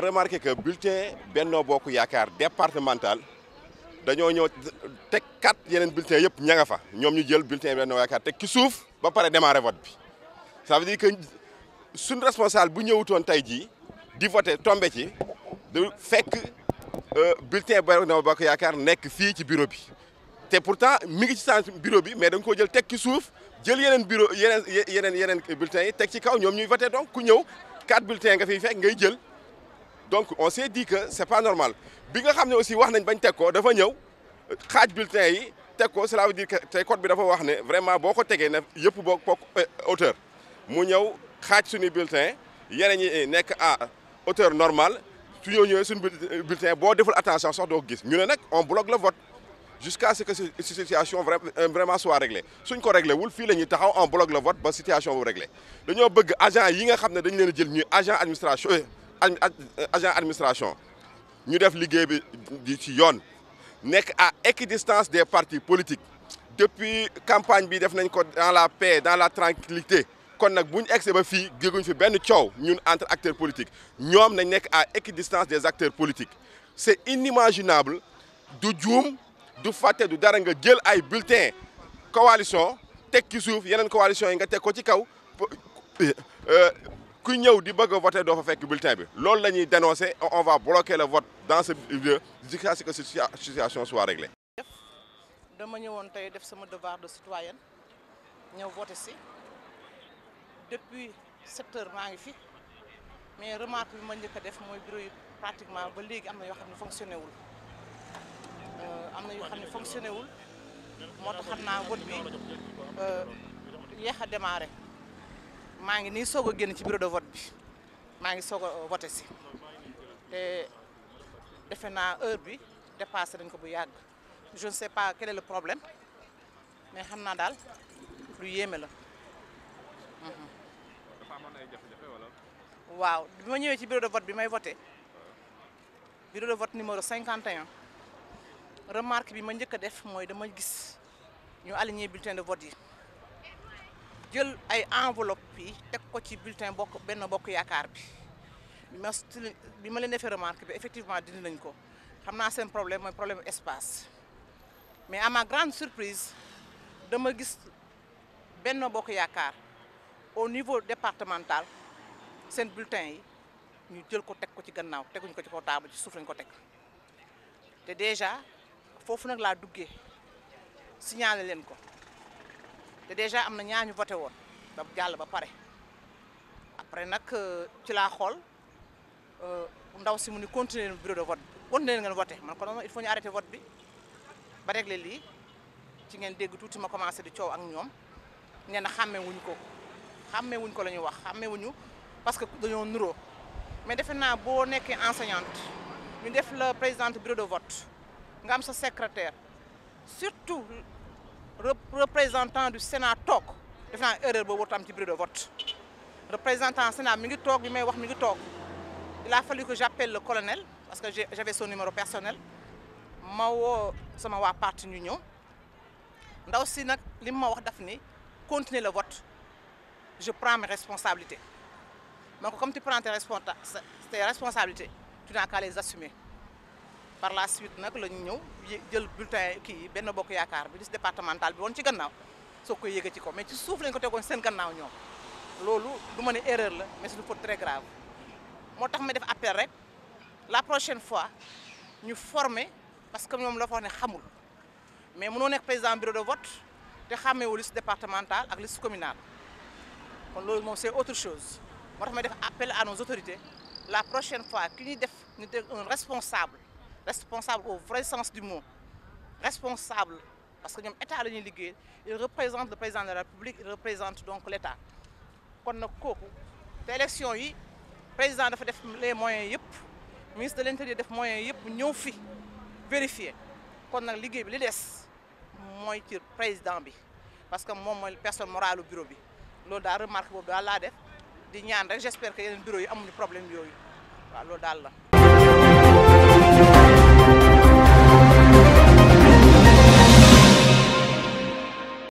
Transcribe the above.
a remarqué que bulletin Benno Bokk Yaakaar départemental dañoo ñëw teg kat yeneen bulletin yëpp ña nga fa ñoom ñu jël bulletin Benno Yaakaar teg ci suuf ba pare démarré vote bi ça veut dire que suñ responsable bu ñëwutoon tey jii di voté tombe ci du fekk euh, bulletin Benno Bokk yakaar nekk fii ci bureau bi te pourtant mi ngi ci sens bureau bi mais da nga koo jël teg ci suuf jël yeneen bureau yeneen yeneen yeneen bulletins yi teg ci kaw ñoom ñuy voté donc ku ñëw quatre bulletins nga fi fekk ngay jël donc on s'est di que c'est pas normal bi nga xam ne aussi wax nañ bañ teg ko dafa ñëw xaaj bulletin yi teg ko cela veut dire que tey code bi dafa wax ne vraiment boo ko tegee ne yëpp boo bokk hauteur eh, mu ñëw xaaj suñu bulletin yeneen ñi nekk à hauteur normale su ñoo ñëwee suñu eh, bulletin boo deful attention sox doo ko gis ñu ne nag on bloque le vote jusqu'à ce que situation euh, vraiment soit réglée suñ ko réglé wul fii la ñuy taxaw on bloque le vote ba situation bu réglé dañoo bëgg agent yi nga xam ne dañ leen a jël ñuy agent administration euh, agent administration ñu def liggéey bi di ci yoon nekk à équidistance des partis politiques depuis campagne bi def nañ ko dans la paix dans la tranquillité kon nag bu ñu egsee ba fii géguñ fi benn coow ñun entre acteurs politique ñoom nañ nekk à équidistance des acteurs politiques c'est inimaginable du juum du fàtte du dara nga jël ay bulletins coalition teg ci suuf yeneen coalition yi nga teg ko ci kaw euh, ku ñëw di bëgg a voter doo fa fekk bulletin bi loolu la ñuy dénoncer on va bloquer le vote dans ce lieu jusqu'à ce que situation soit réglée. dama ñëwoon tey def sama devoir de citoyenne ñëw voter si depuis sept heures maa ngi fi mais remarque bi ma njëkk def mooy bureau pratiquement ba léegi am na yoo xam ne fonctionné wul euh, am na yoo xam ne fonctionné wul moo tax xam naa vote bi euh, yéex a maa ngi nii soog a génn ci bureau de vote bi maa ngi soog a euh, voté si te defe naa heure bi dépassé dañ ko bu yàgg je ne sais pas quel est le problème mais xam naa daal lu yéeme la. dafa amoon waaw bi ma ñëwee ci bureau de vote bi may voté bureau de vote numéro 51 remarque bi ma njëkk def mooy dama gis ñu aligné bulletin de vote yi. jël ay enveloppe yi teg ko ci bulletin bokk benn bokk yaakaar bi bi ma bi ma leen defee remarque bi effectivement dindi nañ ko xam naa seen problème mooy problème espace mais à ma grande surprise dama gis benn bokk yaakaar au niveau départemental seen bulletin yi ñu jël ko teg ko ci gannaaw teguñ ko ci ko taabal ci suuf ko teg te déjà foofu nag laa duggee signalé leen ko te déjà am na ñaañu voté woon ba jàll ba pare après nag euh, ci laa xool euh, ndaw si mu ni continuer leen bureau de vote bi continuer leen ngeen voté man ko noonu il faut ñu arrêté vote bi ba réglé lii ci ngeen dégg tuuti ma commencé di cow ak ñoom nee na xàmmee wuñ ko xàmmee wuñ ko la ñuy wax xàmmee wuñu parce que dañoo nuroo mais defe naa boo nekkee enseignante ñu def la présidente bureau de vote nga am sa secrétaire surtout représentant du Sénat toog def naa erreur boobu warut am ci bureau de vote représentant Sénat mi ngi toog bi may wax mi ngi toog il a fallu que j'appelle le colonel parce que j'avais son numéro personnel ma woo sama waa parti ñu ñëw ndaw si nag li ma wax daf ni continuer le vote je prends mes responsabilités donc comme tu prends tes responsabilités tu n'as qu'à les assumer par la suite nag la ñu ñëw jël bulletin kii benn bokk yaakaar bi liste départementale bi woon ci gannaaw soo koy yëge ci ko mais ci suuf lañ ko tegoon seen gannaaw ñoom loolu du ma ne erreur la mais c'est une faute très grave moo tax ma def appel rek la prochaine fois ñu former parce que ñoom la fa ne xamul mais mënoo nekk président bureau de vote te xàmmeewu liste départementale ak liste communal kon loolu moom c'est autre chose moo tax ma def appel à nos la prochaine fois ki ñuy def ñu def un responsable au vrai sens du mot responsable parce que ñoom état la ñuy liggéey il représente le président de la République il représente donc l' état kon nag kooku te élection yi président dafa def les moyens yëpp ministre de l' def moyens yëpp ñëw fi vérifier kon nag liggéey bi li des mooy ci président bi parce que moom mooy personne morale bureau bi loolu daal remarque boobu daal laa def di ñaan rek j' espère que yeneen bureau yi amuñu problème yooyu waaw daal la